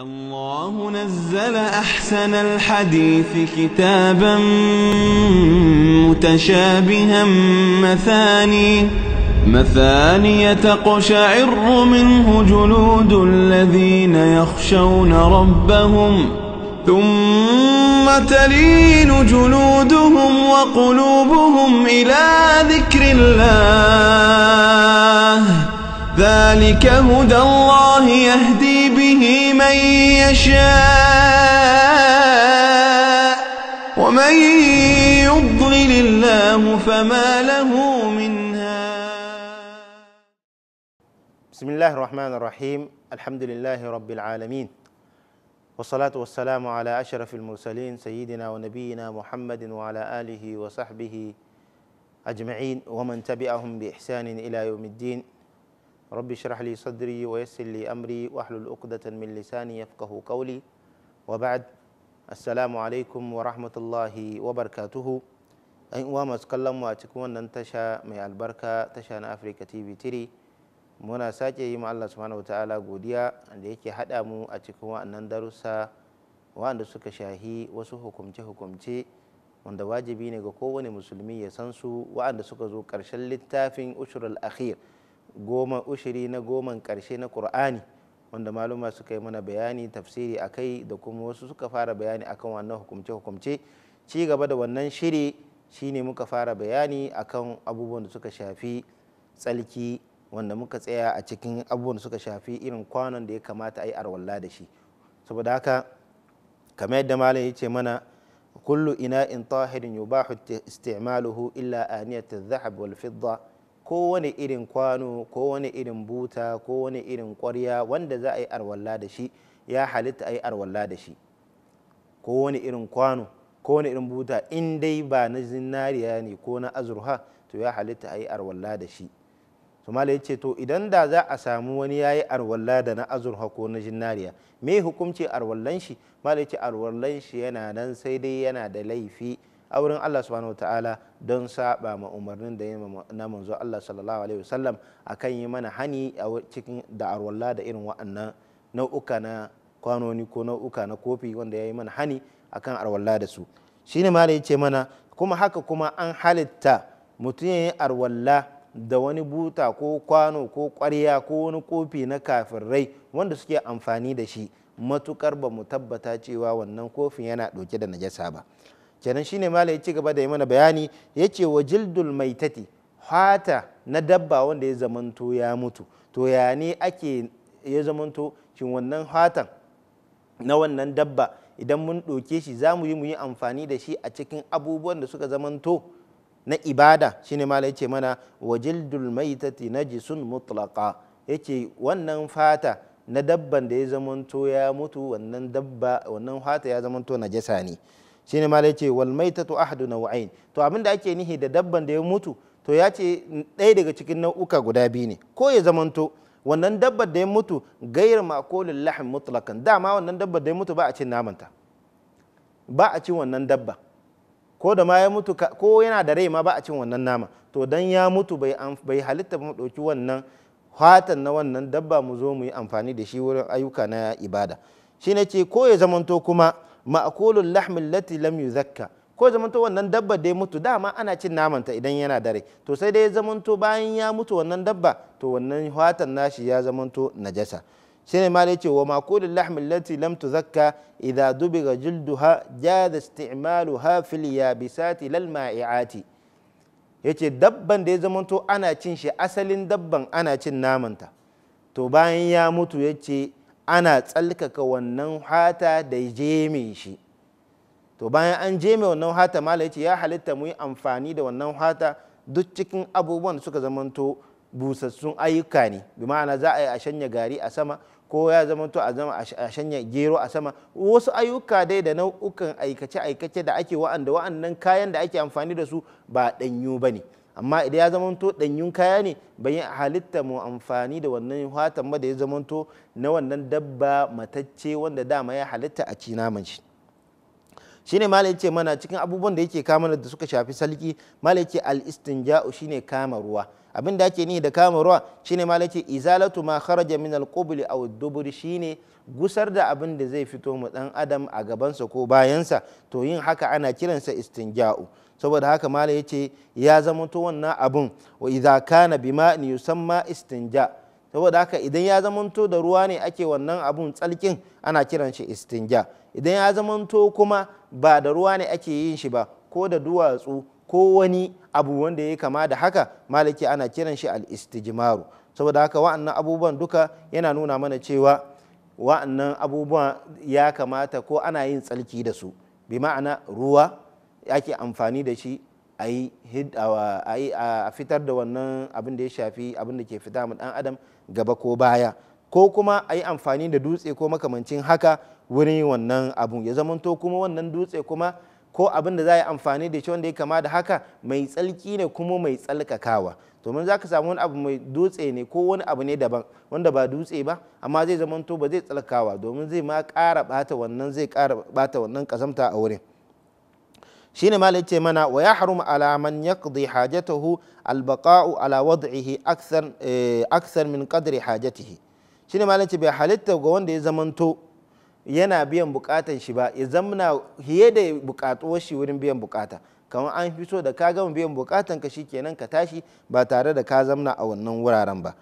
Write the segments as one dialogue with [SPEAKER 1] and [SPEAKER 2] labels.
[SPEAKER 1] الله نزل أحسن الحديث كتابا متشابها مثاني مثاني تقشعر منه جلود الذين يخشون ربهم ثم تلين جلودهم وقلوبهم إلى ذكر الله ذلك هدى الله يهدي به من يشاء ومن يضلل الله فما له من هاد
[SPEAKER 2] بسم الله الرحمن الرحيم الحمد لله رب العالمين والصلاة والسلام على أشرف المرسلين سيدنا ونبينا محمد وعلى آله وصحبه أجمعين ومن تبعهم بإحسان إلى يوم الدين رب اشرح لي صدري ويسر لي أمري واحلل عقدة من لساني يفقه قولي وبعد السلام عليكم ورحمة الله وبركاته أي وامس كلم واتكون ننتشى من البركة تشان أفريكا تي في تري muna sake yi ma Allah subhanahu wa ta'ala godiya da yake hada mu a cikin wa'annan darussa wa'anda suka shahi wasu hukumce-hukumce wanda wajibi ne ga kowane musulmi ya san su wa'anda suka zo karshen littafin ushrul akhir goma ushiri na goman karshe na qur'ani wanda maluma suka yi mana bayani tafsiri a kai da kuma wasu suka fara bayani akan wannan hukumce-hukumce ci gaba da wannan shiri shine muka fara bayani akan abubuwan da suka shafi tsalki wanda muka tsaya a cikin abubuwan da suka shafi irin kwanon da ya kamata a yi arwalla da shi saboda haka kamar yadda malam ya ce mana kullu ina in tahirin yubahu isti'maluhu illa aniyatu adh-dhahab wal fidda kowane irin kwano kowane irin buta kowane irin kwarya, wanda za a yi arwalla da shi ya halitta a yi arwalla da shi kowane irin kwano kowane irin buta in dai ba na zinariya ne ko na azurha to ya halitta a yi arwalla da shi su ya ce to idan da za a samu wani ya yi arwalla da na azurha ko na zinariya me hukumci arwallan shi mala ya ce arwallan shi yana nan sai dai yana da laifi a wurin Allah subhanahu ta'ala don saba ma umarnin da na manzo Allah sallallahu alaihi wasallam akan yi mana hani a cikin da arwalla da irin wa'annan nau'uka na kwanoni ko nau'uka na kofi wanda ya yi mana hani akan arwalla da su shine ma da yace mana kuma haka kuma an halitta mutum ya arwalla da wani buta ko kwano ko kwarya ko wani kofi na kafirai wanda suke amfani da shi matukar ba mu tabbata cewa wannan kofin yana dauke da najasa ba kenan shine malai ya ci gaba da yi mana bayani ya ce wa jildul maitati hata na dabba wanda ya zamanto ya mutu to ya ne ake ya zamanto shin wannan hatan na wannan dabba idan mun ɗauke shi za mu yi mu yi amfani da shi a cikin abubuwan da suka zamanto na ibada shine malai ya ce mana wa jildul maitati najisun ya yace wannan fata na dabban da ya zamanto ya mutu wannan dabba wannan fata ya zamanto najasa ne shine ma yace wal to ahadu wa'ayin to abinda ake nihi da dabban da ya mutu to ya ce ɗaya daga cikin nau'uka guda biyu ne ko ya zamanto wannan dabbar da ya mutu gairar makolin lahin mutlakan dama wannan dabbar da ya mutu ba a cin namanta ba a cin wannan dabba ko da ma ya mutu ko yana da rai ma ba a cin wannan nama to dan ya mutu bai bai halitta mu ɗauki wannan hatan na wannan dabba mu zo mu yi amfani da shi wurin ayyuka na ibada shi ne ce ko ya zamanto kuma ma'akulul lahmin lati lam yuzakka ko zamanto wannan dabba da ya mutu dama ana cin namanta idan yana dare to sai dai zamanto bayan ya mutu wannan dabba to wannan fatan nashi ya zamanto najasa shine ma yace wa maqulul lahm allati lam tuzakka idha dubiga jilduha jaza isti'maluha fil yabisati lal ma'iati yace dabban da ya zamanto ana cin shi asalin dabban ana cin namanta to bayan ya mutu yace ana tsalkaka wannan hata da jeme shi to bayan an jeme wannan hata mala ya halitta mu yi amfani da wannan hata duk cikin abubuwan suka zamanto busassun ayyuka ne bi ma'ana za a yi a shanya gari a sama ko ya zamanto a zama a shanya gero a sama wasu ayyuka dai da nau'ukan aikace-aikace da ake wa'anda wa'annan kayan da ake amfani da su ba ɗanyu ba ne amma idan ya zamanto ɗanyun kaya ne bai halitta mu amfani da wannan watan ba da ya zamanto na wannan dabba matacce wanda dama ya halitta a ci naman shi shine malai ce mana cikin abubuwan da yake kama da suka shafi salki malai ce al istinja'u shine kama ruwa abin da ake ni da kama ruwa shine malai ce izalatu ma kharaja min al qubli aw dubur shine gusar da abin da zai fito mu dan adam a gabansa ko bayansa to yin haka ana kiransa istinja'u saboda haka malam ce ya zama to wannan abun wa idza kana ni yusamma istinja saboda haka idan ya zamanto da ruwa ne ake wannan abun tsalkin ana kiran shi istinja idan ya zamanto kuma ba da ruwa ne ake yin shi ba ko da duwatsu ko wani abu wanda ya kama da haka maliki ana kiran shi al-istijmaru saboda haka wa'annan abubuwan duka yana nuna mana cewa wa'annan abubuwa ya kamata ko ana yin tsalki da su bi ma'ana ruwa ake amfani da shi a yi a fitar da wannan abin da ya shafi abin da ke fita mu dan adam gaba ko baya ko kuma a yi amfani da dutse ko makamancin haka wurin wannan abu ya zamanto kuma wannan dutse kuma ko abin da za yi amfani da shi wanda ya kama da haka mai tsalki ne kuma mai tsalkakawa domin za ka samu wani abu mai dutse ne ko wani abu ne daban wanda ba dutse ba amma zai zamanto ba zai tsalkawa domin zai ma ƙara bata wannan zai ƙara bata wannan ƙazamta a wurin shine ma yace mana wa yahrum ala man yaqdi hajatahu albaqa'u ala wad'ihi akthar eh, akthar min qadri hajatihi shine ma yace bai halitta ga wanda ya zamanto yana biyan bukatan shi ba ya zamna hiye da bukatuwar shi wurin biyan bukata kamar an fi so da ka gama biyan bukatan ka kenan ka tashi ba tare da ka zamna a wannan wuraren ba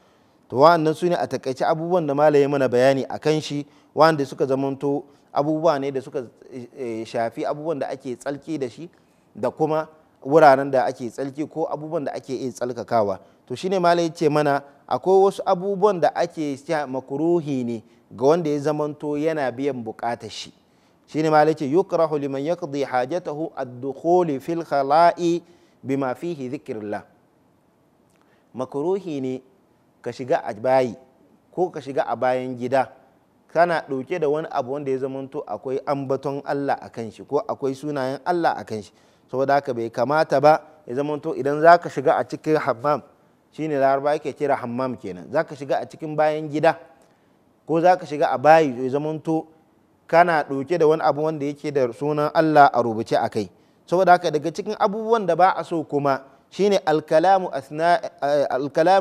[SPEAKER 2] to wa'annan su ne a takaice abubuwan da ya mana bayani akan shi wanda suka zamanto abubuwa ne da suka eh, eh, shafi abubuwan da ake tsalki da shi da kuma wuraren da ake tsalki ko abubuwan da ake iya tsalkakawa to shine malai ce mana akwai wasu abubuwan da ake sha makuruhi ne ga wanda ya zamanto yana biyan bukatar shi shine malai ce yukrahu liman yaqdi hajatahu ad-dukhul fil khala'i bima fihi dhikrillah makuruhi ne ka shiga a bayi ko ka shiga a bayan gida kana ɗauke da wani abu wanda ya zamanto akwai ambaton Allah a kan shi ko akwai sunayen Allah a kan shi saboda haka bai kamata ba ya zamanto idan za ka shiga a cikin hammam shine laraba yake kira hammam kenan za ka shiga a cikin bayan gida ko za ka shiga a bayi ya zamanto kana ɗauke da wani abu wanda yake da sunan Allah a rubuce a kai saboda haka daga cikin abubuwan da ba a so kuma shine eh, alkalamu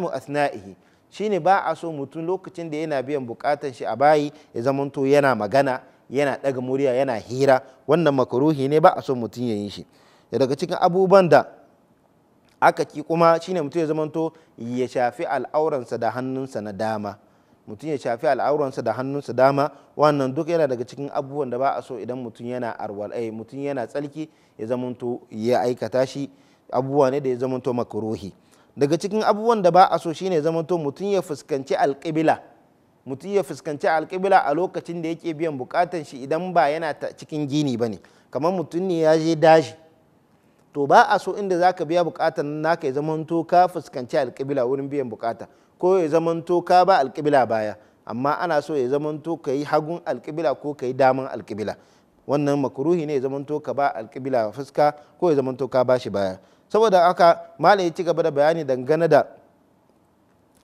[SPEAKER 2] asna'ihi shine ba a so mutum lokacin da yana biyan bukatar shi a bayi ya zamanto yana magana yana daga murya yana hira wannan makaruhi ne ba a so mutum ya yi shi daga cikin abubuwan da aka ki kuma shine mutum ya zamanto ya shafi al'auransa da hannunsa na dama mutum ya shafi al'auransa da hannunsa dama wannan duk yana daga cikin abubuwan da ba a so idan mutum yana arwal eh, mutum yana tsalki ya to ya aikata shi abubuwa ne da ya zamanto makaruhi daga cikin abubuwan da ba a so shine zamanto mutum ya fuskanci alƙibla mutum ya fuskanci alƙibla a lokacin da yake biyan bukatan shi idan ba yana cikin gini ba ne kamar mutum ne ya je daji to ba a so inda zaka biya bukatan naka ya zamanto ka fuskanci alƙibla wurin biyan bukata ko ya zamanto ka ba alƙibla baya amma ana so ya zamanto ka yi hagun alƙibla ko ka yi daman alƙibla wannan makuruhi ne ya zamanto ka ba alƙibla fuska ko ya zamanto ka ba shi baya saboda aka malam ya ci gaba da bayani dangane da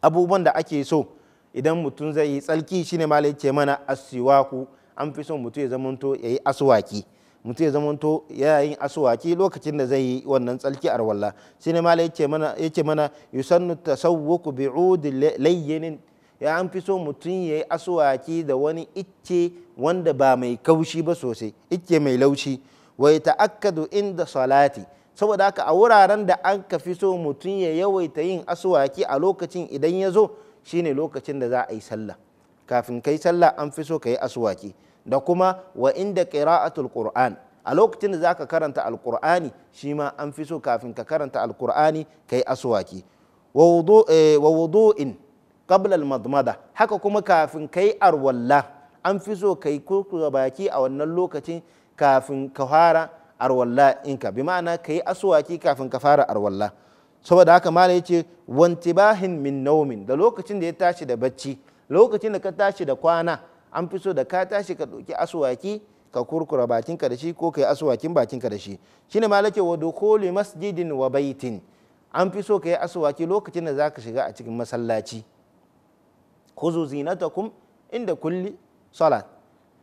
[SPEAKER 2] abubuwan da ake so idan mutum zai yi tsalki shine malam ya ce mana asiwaku an fi son mutum ya zamanto ya yi asuwaki mutum ya zamanto ya yi asuwaki lokacin da zai yi wannan tsalki a rawalla shine malam ya ce mana ya ce mana yusannu tasawwuku bi'ud layyinin ya an fi so mutum ya yi asuwaki da wani icce wanda ba mai kaushi ba sosai icce mai laushi wa ta'akkadu inda salati saboda haka a wuraren da an ka fi so mutum ya yawaita yin asuwaki a lokacin idan ya zo shine lokacin da za a yi sallah kafin kai sallah an fi so ka yi asuwaki da kuma wa inda qira'atul qur'an a lokacin da zaka karanta alqur'ani shi ma an fi so kafin ka karanta alqur'ani kai aswaki eh, wa wudu'in qabla almadmada haka kuma kafin kai arwalla an fi so kai kurkura baki a wannan lokacin kafin ka fara arwalla in ka bi ma'ana ka yi asuwaki kafin ka fara arwalla saboda haka mala ya ce wantibahin min naumin da lokacin da ya tashi da bacci lokacin da ka tashi da kwana an fi so da ka tashi ka ɗauki asuwaki ka kurkura bakinka da shi ko ka yi asuwakin bakinka da shi shine mala ke wa koli masjidin wa baitin an fi so ka yi asuwaki lokacin da za ka shiga a cikin masallaci khuzu zinatakum inda kulli salat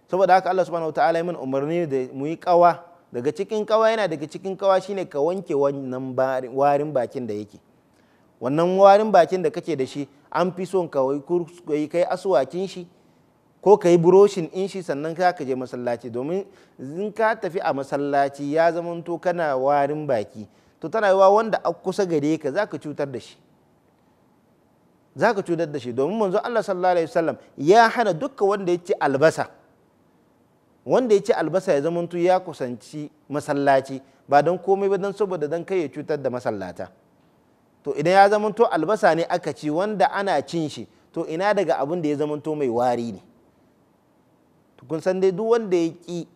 [SPEAKER 2] saboda haka Allah subhanahu wa ta'ala ya min umarni da mu yi kawa daga cikin kawa yana daga cikin kawa shine ka wanke wannan warin bakin da yake wannan warin bakin da kake da shi an fi son ka yi kai asuwakin shi ko ka yi buroshin in shi sannan ka ka je masallaci domin in ka tafi a masallaci ya zamanto kana warin baki to tana yiwa wanda a kusa gare ka za ka cutar da shi za cutar da shi domin manzo Allah sallallahu alaihi wasallam ya hana dukkan wanda ya ci albasa wanda ya ci albasa ya zamanto ya kusanci masallaci ba don komai ba don saboda don kai ya cutar da masallata to idan ya zamanto albasa ne aka ci wanda ana cin shi to ina daga abin da ya zamanto mai wari ne kun san dai duk wanda ya ki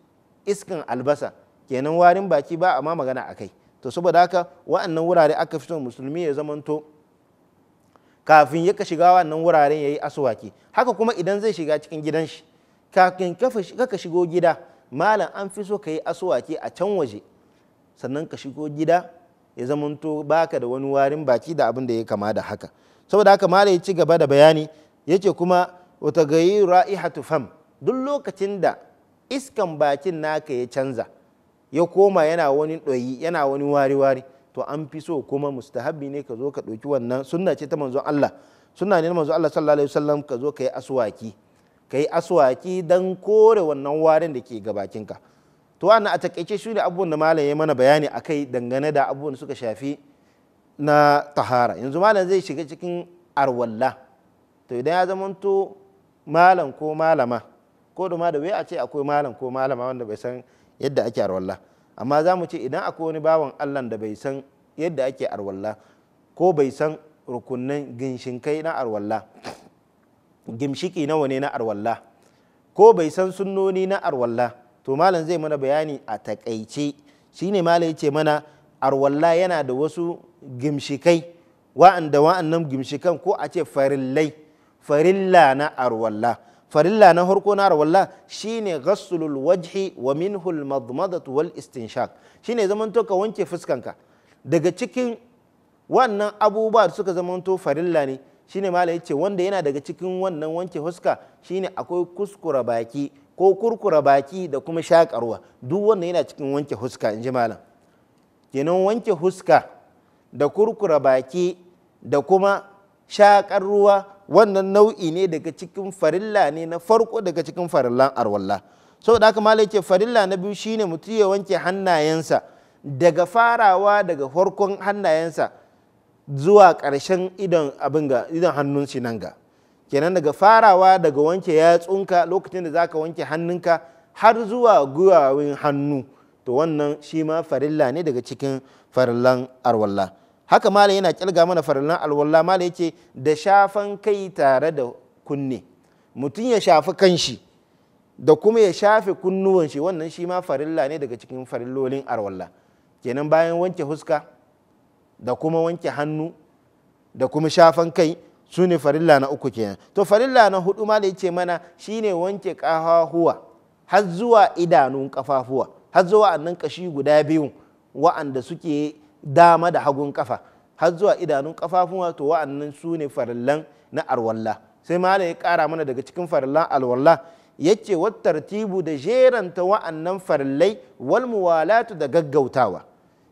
[SPEAKER 2] iskan albasa kenan warin baki ba a ma magana a kai to saboda haka wa'annan wurare aka fito musulmi ya zamanto kafin ya ka shiga wannan wuraren ya yi asuwaki haka kuma idan zai shiga cikin gidan shi kafin ka shigo gida malam an fi so ka yi asuwaki a can waje sannan ka shigo gida ya zamanto baka da wani warin baki da abin da ya kama da haka saboda haka malam ya ci gaba da bayani yace kuma wata gayi ra'ihatu fam duk lokacin da iskan bakin naka ya canza ya koma yana wani ɗoyi yana wani wari-wari to an fi so kuma mustahabbi ne ka zo ka ɗauki wannan sunna ce ta manzon Allah sunna ne na manzon Allah sallallahu alaihi wasallam ka zo ka yi aswaki ka yi aswaki don kore wannan warin da ke gabakinka to wannan a takaice shi ne abubuwan da malam ya mana bayani a kai dangane da abubuwan suka shafi na tahara yanzu malam zai shiga cikin arwalla to idan ya zamanto malam ko malama ko da ma da wai a ce akwai malam ko malama wanda bai san yadda ake arwalla amma za mu ce idan akwai wani bawan allah da bai san yadda ake arwalla ko bai san rukunnan ginshin kai na arwalla gimshiki nawa ne na arwalla ko bai san sunnoni na arwalla to malam zai mana bayani a takaice shine malam yace mana arwalla yana da wasu gimshikai wa'anda wa'annan gimshikan ko a ce farillai farilla na arwalla farilla na harko na arwalla shine ghassulul wajhi wa minhu al madmadatu wal istinshaq shine zamanto ka wanke fuskanka daga cikin wannan abubuwa suka zamanto farilla ne shine mala ce wanda yana daga cikin wannan wanke huska shine akwai kuskura baki ko kurkura baki da kuma shakarwa duk wanda yana cikin wanke huska in inji malam kenan wanke huska da kurkura baki da kuma shakar ruwa wannan nau'i ne daga cikin farilla ne na farko daga cikin farillan arwalla saboda haka malai ce farilla na biyu shine mutum ya wanke hannayensa daga farawa daga farkon hannayensa zuwa ƙarshen idon hannun shi nan ga kenan daga farawa daga wanke yatsunka lokacin da zaka wanke hannunka har zuwa guwawin hannu to wannan shi ma farilla ne daga cikin farillan arwalla haka malam yana kirga mana farillan alwalla malam yace da shafan kai tare da kunne mutum ya shafi kanshi da kuma ya shafe kunnuwan shi wannan shi ma farilla ne daga cikin farillolin arwalla kenan bayan wanke huska da kuma wanke hannu da kuma shafan kai su ne farilla na uku kenan to farilla na hudu ma da yace mana shine wanke kafafuwa har zuwa idanun kafafuwa har zuwa annan kashi guda biyu wa'anda suke dama da hagun kafa har zuwa idanun kafafuwa to wa'annan su ne farillan na arwalla sai ma ya kara mana daga cikin farillan alwalla yace wat tartibu da jeranta wa'annan farillai wal muwalatu da gaggautawa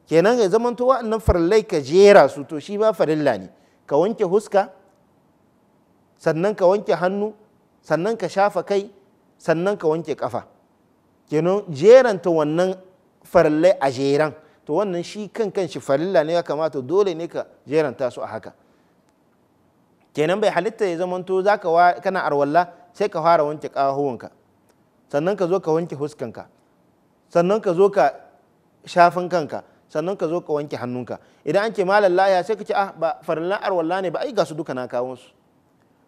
[SPEAKER 2] kenan ya zama to wa'annan farillai ka jera su to shi ba farilla ne ka wanke huska sannan ka wanke hannu sannan ka shafa kai sannan ka wanke kafa kenan jeranta wannan farillai a jeran to wannan shi kan kan shi farilla ne ya kamata dole ne ka jeranta su a haka kenan bai halitta ya zama to zaka kana arwalla sai ka fara wanke kahuwanka sannan ka zo ka wanke huskanka sannan ka zo ka shafin kanka sannan ka zo ka wanke hannunka idan an ce malam sai ka ce ah ba farillan arwalla ne ba ai ga su duka na kawo su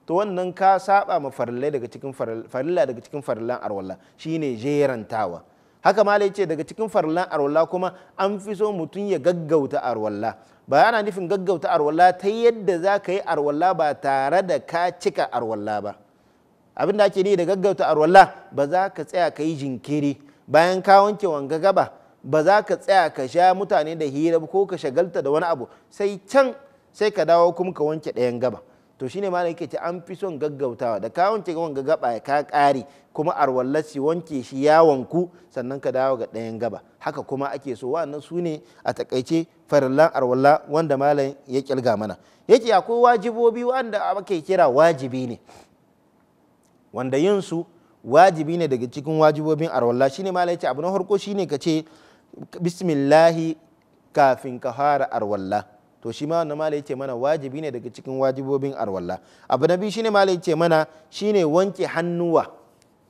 [SPEAKER 2] to wannan ka saba ma farillai daga cikin farilla daga cikin farillan arwalla shine jerantawa haka ma ce daga cikin farillan arwalla kuma an fi so mutum ya gaggauta arwalla ba yana nufin gaggauta arwalla ta yadda za ka yi arwalla ba tare da ka cika arwalla ba abin da ake ni da gaggauta arwalla ba za ka tsaya ka yi jinkiri bayan ka wanke wanga gaba ba za ka tsaya ka sha mutane da hira ko ka shagalta da wani abu sai can sai ka dawo kuma ka wanke ɗayan gaba to shine ma yake ce an fi son gaggautawa da ka wanke gaban gaba ka ƙare kuma arwallaci wanke shi yawon ku sannan ka dawo ga ɗayan gaba haka kuma ake so wa'annan su ne a takaice farallan arwalla wanda malam ya kilga mana yake akwai wajibobi wanda ake kira wajibi ne wanda yin su wajibi ne daga cikin wajibobin arwalla shine malam ya abu na farko shine ka ce bismillahi kafin ka fara arwalla to shi ma wannan malai ce mana wajibi ne daga cikin wajibobin arwalla abu na biyu shine malai ce mana shine wanke hannuwa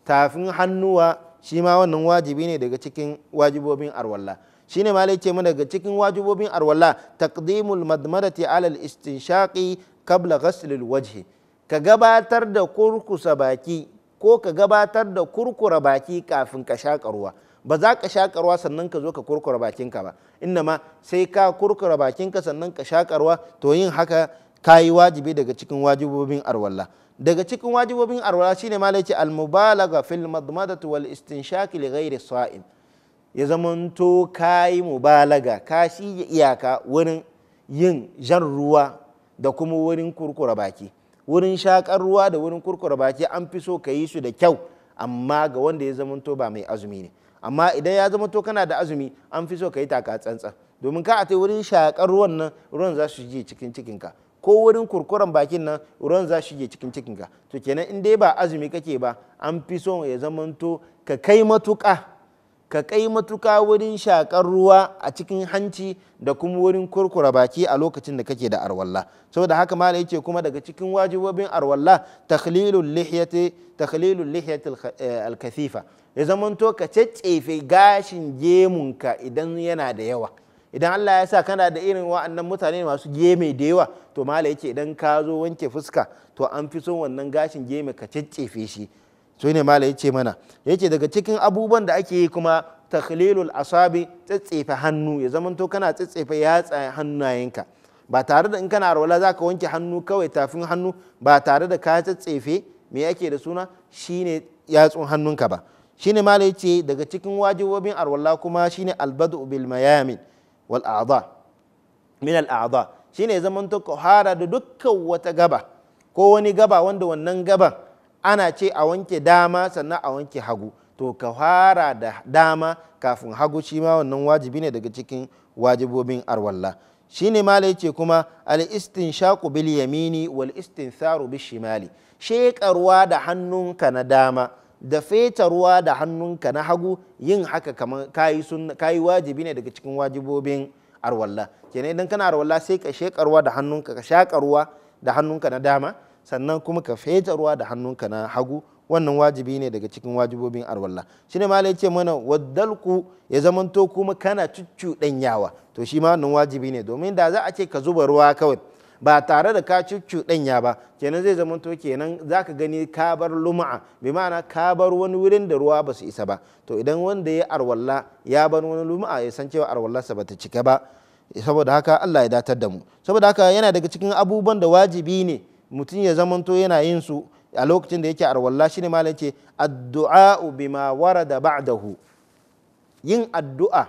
[SPEAKER 2] tafin hannuwa shi ma wannan wajibi ne daga cikin wajibobin arwalla shine malai ce mana daga cikin wajibobin arwalla taqdimul madmadati alal istinshaqi qabla ghaslil wajhi ka gabatar da kurkusa baki ko ka gabatar da kurkura baki kafin ka shaƙa ruwa ba za ka sha sannan ka zo ka kurkura bakinka ba innama sai ka kurkura bakinka sannan ka sha karwa to yin haka ka yi wajibi daga cikin wajibobin arwalla daga cikin wajibobin arwalla shine ma yace al mubalagha fil madmadati wal istinshaq li ghairi sa'im ya zamanto ka yi mubalaga ka shi iyaka wurin yin jan ruwa da kuma wurin kurkura baki wurin shakar ruwa da wurin kurkura baki an fi so ka yi su da kyau amma ga wanda ya zamanto ba mai azumi ne amma idan ya zama to kana da azumi an fi so ka yi taka tsantsan domin ka a ta wurin shakar ruwan nan ruwan za su je cikin cikinka ko wurin kurkuren bakin nan ruwan za su je cikin cikinka to kenan in dai ba azumi kake ba an fi so ya zamanto ka kai matuƙa ka kai matuka wurin shakar ruwa a cikin hanci da kuma wurin kurkura baki a lokacin da kake da arwalla saboda haka malai yace kuma daga cikin wajibobin arwalla takhlilul lihyati takhlilul lihyati eh, al-kathifa ya zamanto ka ceccefe gashin gemunka idan yana da yawa idan Allah ya sa kana da irin wa'annan mutane masu geme da yawa to malai yace idan ka zo wanke fuska to an fi son wannan gashin geme ka ceccefe shi sune ne ya ce mana yace daga cikin abubuwan da ake yi kuma takhlilul asabi tsatsefe hannu ya zamanto kana ya yatsa hannayenka ba tare da in kana arwala zaka wanke hannu kawai tafin hannu ba tare da ka tsatsefe me ake da suna shine yatsun hannunka ba shine ya ce daga cikin wajibobin arwala kuma shine albadu bil mayamin wal a'dha min al a'dha shine zamanto ka hara da dukkan wata gaba ko wani gaba wanda wannan gaban ana ce a wanke dama sannan a wanke hagu to ka fara da dama kafin hagu shi ma wannan wajibi ne daga cikin wajibobin arwalla shi ne malai ce kuma al shaku bil yamini wal tharu bil shimali sheƙa da hannunka na dama da feta da hannunka na hagu yin haka kamar kayi wajibi ne daga cikin wajibobin arwalla kenan idan kana arwalla sai ka sheƙa ruwa da hannunka ka shakarwa da hannunka na dama sannan kuma ka fece ruwa da hannunka na hagu wannan wajibi ne daga cikin wajibobin arwalla shi ne malai ce mana waddalku ya zamanto kuma kana yawa to shi ma wannan wajibi ne domin da za a ce ka zuba ruwa kawai ba tare da ka cuccu ɗanya ba kenan zai zamanto kenan za ka gani ka bar luma'a bi ma'ana ka bar wani wurin da ruwa ba su isa ba to idan wanda ya arwalla ya bar wani luma'a ya san cewa arwallarsa ba ta cika ba saboda haka Allah ya datar da mu saboda haka yana daga cikin abubuwan da wajibi ne mutum ya zamanto yana yin su a lokacin da yake arwalla ne malam ce addu'a bima warada ba'dahu yin addu'a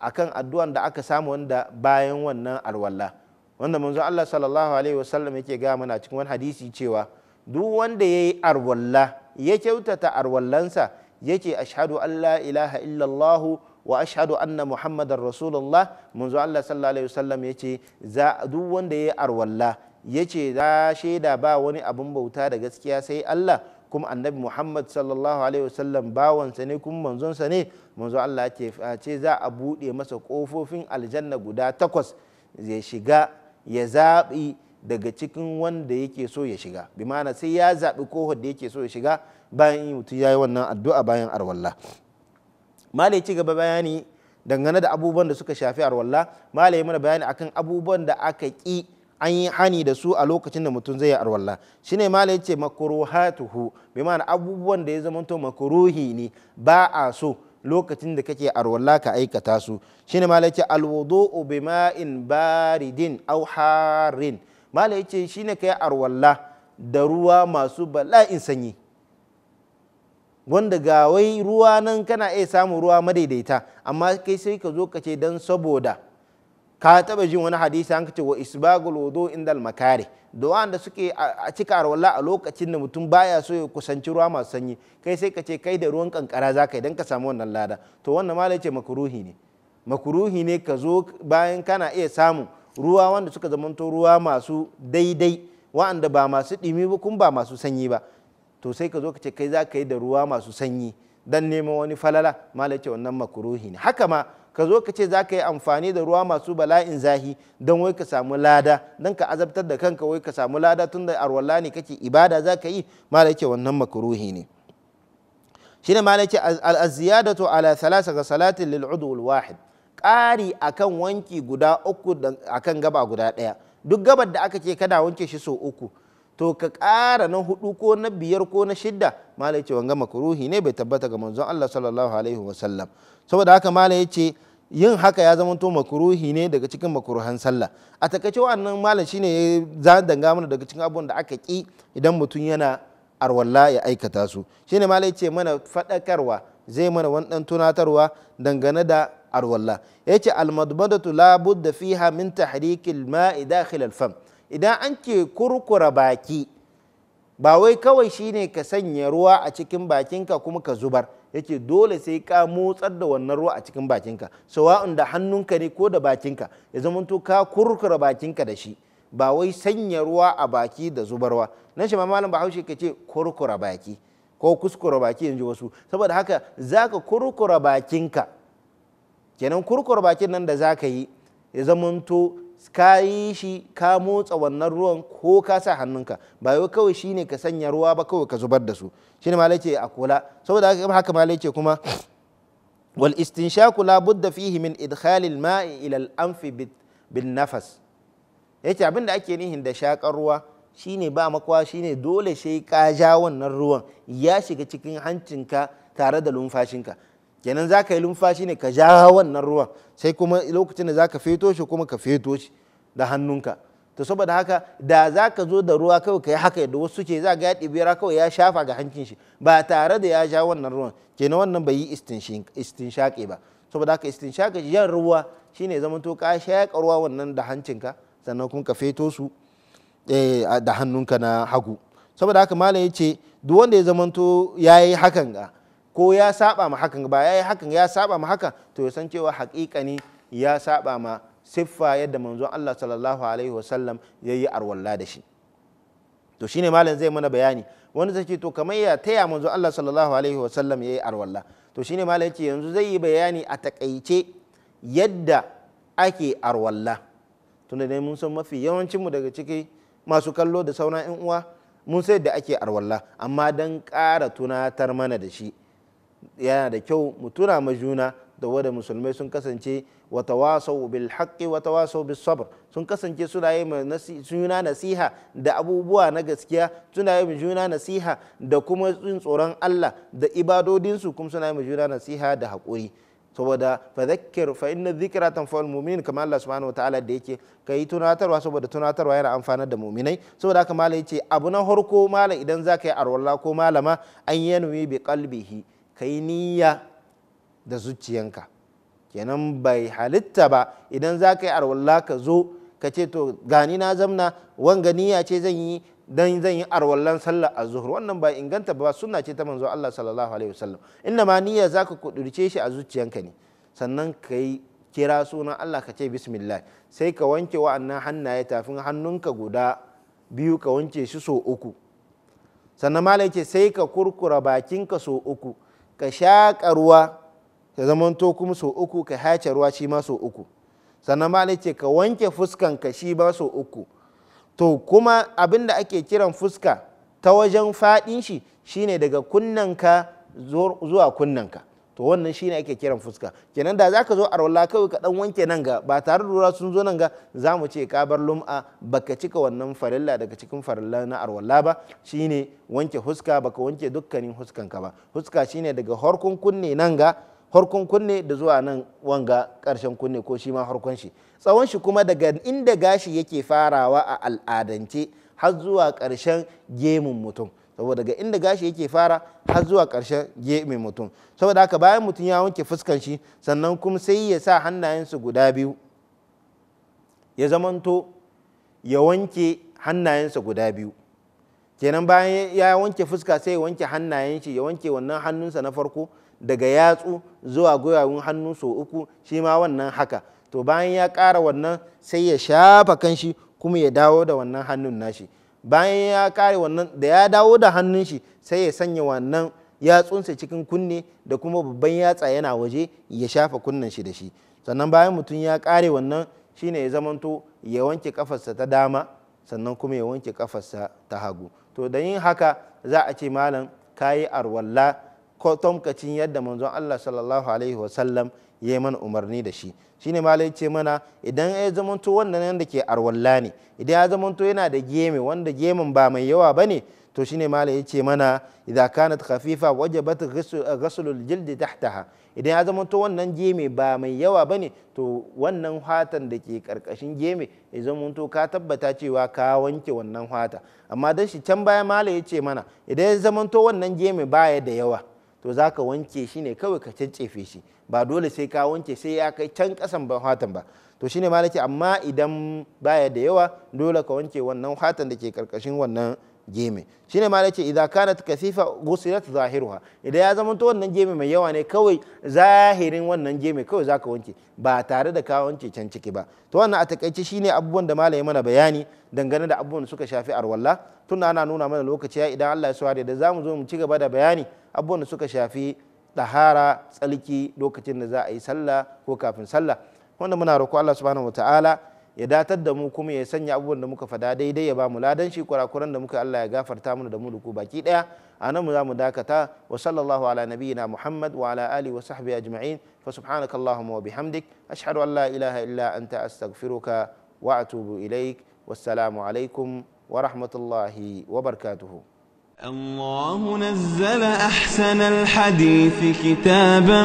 [SPEAKER 2] akan addu'an da aka samu wanda bayan wannan arwalla wanda manzo Allah sallallahu alaihi wasallam yake ga mana cikin wani hadisi cewa duk wanda yayi arwalla ya kyautata arwallansa yake ashhadu an la ilaha illallah wa ashhadu anna muhammadar rasulullah manzo Allah sallallahu alaihi wasallam yace za duk wanda yayi arwalla ya ce za shaida ba wani abin bauta da gaskiya sai Allah kuma annabi Muhammad sallallahu alaihi wasallam bawansa ne kuma manzonsa ne manzo Allah ya ce za a buɗe masa ƙofofin aljanna guda takwas ya shiga ya zaɓi daga cikin wanda yake so ya shiga bi sai ya zaɓi kohon da yake so ya shiga bayan yi mutum ya yi wannan addu'a bayan arwallah malai ci gaba bayani dangane da abubuwan da suka shafi arwallah malai mana bayani akan abubuwan da aka ƙi an yi hani da su a lokacin da mutum zai yi arwalla shine mala yace makruhatuhu bi ma'ana abubuwan da ya to makruhi ne ba a so lokacin da kake arwalla ka aikata su shi shine mala yace alwudu'u in baridin aw harin mala ne ka kai arwalla da ruwa masu bala'in sanyi wanda gawai ruwa nan kana iya samun ruwa madaidaita amma kai sai ka zo ka ce dan saboda ka taba jin wani hadisi an ce wa isbagul wudu indal makare da wanda suke a cika arwala a lokacin da mutum baya so ya kusanci ruwa masu sanyi kai sai ka ce kai da ruwan kankara za ka yi ka samu wannan lada to wannan ma ce makuruhi ne makuruhi ne ka zo bayan kana iya samun ruwa wanda suka zamanto ruwa masu daidai wa'anda ba masu ɗimi ba kun ba masu sanyi ba to sai ka zo ka ce kai za ka yi da ruwa masu sanyi dan neman wani falala malai ce wannan makuruhi ne haka ma ka zo ka ce za ka yi amfani da ruwa masu bala'in zahi don wai ka samu lada don ka azabtar da kanka wai ka samu lada tun da arwalla ne kake ibada za ka yi mala yake wannan makaruhi ne shi ne mala yake al'aziyadatu ala thalasa ga salatin lil udul wahid ƙari akan wanki guda uku akan gaba guda ɗaya duk gabar da aka ce kada wanke shi sau uku to ka ƙara na hudu ko na biyar ko na shidda mala ce wanga makuruhi ne bai tabbata ga manzon Allah sallallahu alaihi wasallam saboda haka malai ce yin haka ya zama to makuruhi ne daga cikin makuruhan sallah a takaice wannan malam shine ya za danga mana daga cikin abubuwan da aka ki idan mutum yana arwalla ya aikata su shine malam ce mana fadakarwa zai mana wani tunatarwa dangane da arwalla yace almadmadatu la budda fiha min tahrikil ma'i dakhil al fam idan an ke kurkura baki ba wai kawai shine ka sanya ruwa a cikin bakinka kuma ka zubar yake dole sai ka motsar da wannan ruwa a cikin bakinka sawa'un da hannunka ne ko da bakinka ya zama to ka kurkura bakinka da shi ba wai sanya ruwa a baki da zubarwa nan shi ma malam bahaushe ka ce kurkura baki ko kuskura baki yanzu wasu saboda haka zaka kurkura bakinka kenan kurkura bakin nan da za ka yi ya zamanto ka yi shi ka motsa wannan ruwan ko ka sa hannunka ba wai kawai ne ka sanya ruwa ba kawai ka zubar da su shi ne ce a kula saboda haka malai kuma wal istinshaku la budda fihi min idkhalil ma'i ila al-anfi bin nafas yace abin da ake nihin da shakar ruwa shine ba makwa shine dole sai ka ja wannan ruwan ya shiga cikin hancinka tare da lumfashinka kenan za ka yi lumfashi ne ka ja wannan ruwan sai kuma lokacin da za ka feto shi kuma ka feto shi da hannunka to saboda haka da za ka zo da ruwa kawai ka yi haka yadda wasu ke za ga ya ɗibira kawai ya shafa ga hancin shi ba tare da ya ja wannan ruwan kenan wannan bai yi shaƙe ba saboda haka shaƙe jan ruwa shine zaman to ka shaƙa ruwa wannan da hancinka sannan kuma ka feto su eh, da hannunka na hagu saboda haka malam ya ce duk wanda ya zamanto ya yi hakan ga ko ya saba ma hakan ba ya yi hakan ya saba ma hakan to ya san cewa haƙiƙa ne ya saba ma siffa yadda manzo Allah sallallahu alaihi wasallam yayi arwalla da shi to shine malam zai mana bayani wani zai to kamar ya taya manzo Allah sallallahu alaihi wasallam yayi arwalla to shine malam yace yanzu zai yi bayani a takaice yadda ake arwalla tunda dai mun san mafi yawancinmu daga ciki masu kallo da sauran 'yan uwa mun sai da ake arwalla amma don ƙara tunatar mana da shi yana da kyau mu tuna ma juna da wadda musulmai sun kasance wata wasau bil haqqi wata tawasau bil sabr sun kasance suna yi juna nasiha da abubuwa na gaskiya suna yi juna nasiha da kuma tsin tsoron Allah da ibadodinsu kuma suna yi juna nasiha da haƙuri saboda fadhakkir fa inna dhikra tanfa'ul kamar Allah subhanahu wataala da yake kai tunatarwa saboda tunatarwa yana amfanar da mu'minai saboda haka malam yace abu na harko malam idan zaka yi arwalla ko malama an yanwi bi qalbihi ka yi niyya da zuciyanka kenan bai halitta ba idan za ka yi arwalla ka zo ka ce to gani na zamna wanga niyya ce zan yi dan zan yi arwallan sallar zuhur wannan ba inganta ba sunna ce ta manzo Allah sallallahu alaihi wasallam inna ma niyya zaka kudurce shi a zuciyanka ne sannan kai kira sunan Allah ka ce bismillah sai ka wanke wa'annan hannaye tafin hannunka guda biyu ka wanke shi so uku sannan malai ce sai ka kurkura bakinka so uku ka shaƙa ruwa ka zamanto kuma so uku ka hace ruwa shi ma so uku sannan ma ce ka wanke fuskan ka shi ma so uku to kuma abin da ake kiran fuska ta wajen faɗin shi shine daga kunnanka zuwa kunnanka to wannan shine ake kiran fuska kenan da zaka zo arwala kawai ka dan wanke nan ga ba tare da ruwa sun zo nan ga zamu ce ka bar lum'a baka cika wannan farilla daga cikin farilla na arwala ba shine wanke fuska baka wanke dukkanin huskanka ba huska shine daga harkun kunne nan ga kunne da zuwa nan wanga karshen kunne ko shi ma harkon shi tsawon shi kuma daga inda gashi yake farawa a al'adance har zuwa karshen gemun mutum saboda daga inda gashi yake fara har zuwa ƙarshen gebe mutum saboda haka bayan mutum ya wanke fuskan shi sannan kuma sai ya sa hannayensu guda biyu ya zamanto ya wanke hannayensa guda biyu kenan bayan ya wanke fuska sai ya wanke hannayen shi ya wanke wannan hannunsa na farko daga yatsu zuwa gwiwawun hannu sau uku shi ma wannan haka to bayan ya kara wannan sai ya shafa kanshi kuma ya dawo da wannan hannun nashi bayan ya kare wannan da ya dawo da hannun shi sai ya sanya wannan yatsunsa cikin kunne da kuma babban yatsa yana waje ya shafa kunnen shi da shi sannan bayan mutum ya kare wannan shine ya zamanto ya wanke kafarsa ta dama sannan kuma ya wanke kafarsa ta hagu to da yin haka za a ce malam kayi arwalla ko tomkacin yadda manzon Allah sallallahu alaihi wasallam ya yi mana umarni da shi shi ne malai ce mana idan ya zamanto wannan da ke arwalla ne idan ya zamanto yana da geme wanda gemin ba mai yawa ba ne to ne malai ya ce mana idan kanat khafifa wajabat ta jildi tahtaha idan ya zamanto wannan geme ba mai yawa ba ne to wannan hatan da ke karkashin geme ya zamanto ka tabbata cewa ka wanke wannan hata amma dan shi can baya malai ya ce mana idan ya zamanto wannan geme baya da yawa to za ka wanke shi ne kawai ka cancefe shi ba dole sai ka wanke sai ya kai can kasan hatan ba to shi ma ce amma idan baya da yawa dole ka wanke wannan hatan da ke karkashin wannan geme ne ma nace idza kanat kasifa ghusilat zahiruha idan ya zama to wannan geme mai yawa ne kawai zahirin wannan geme kawai za ka wanke ba tare da ka wanke can ciki ba to wannan a takaice ne abubuwan da malami mana bayani dangane da abubuwan da suka shafi arwalla tunda ana nuna mana lokaci ya idan Allah ya so da zamu zo mu ci gaba da bayani abubuwan da suka shafi ɗahara tsarki lokacin da za a yi sallah ko kafin sallah wanda muna roƙo Allah subhanahu wa ya datar da mu kuma ya sanya abubuwan da muka fada daidai ya ba mu ladan shi kurakuran da muka Allah ya gafarta mana da mu duku baki daya a mu za mu dakata wa sallallahu ala nabiyyina Muhammad wa ala alihi wa sahbihi ajma'in fa subhanaka wa bihamdik ashhadu an la ilaha illa anta astaghfiruka wa atubu ilaik wassalamu alaikum wa rahmatullahi wa barakatuhu
[SPEAKER 1] الله نزل أحسن الحديث كتابا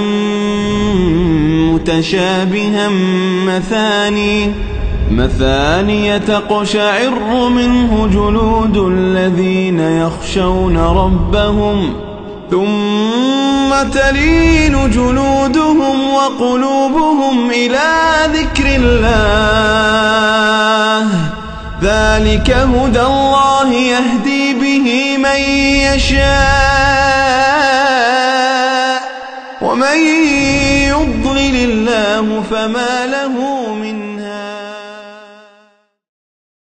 [SPEAKER 1] متشابها مثاني مثاني تقشعر منه جلود الذين يخشون ربهم ثم تلين جلودهم وقلوبهم إلى ذكر الله ذلك هدى الله يهدي من يشاء
[SPEAKER 2] ومن يضلل الله فما له من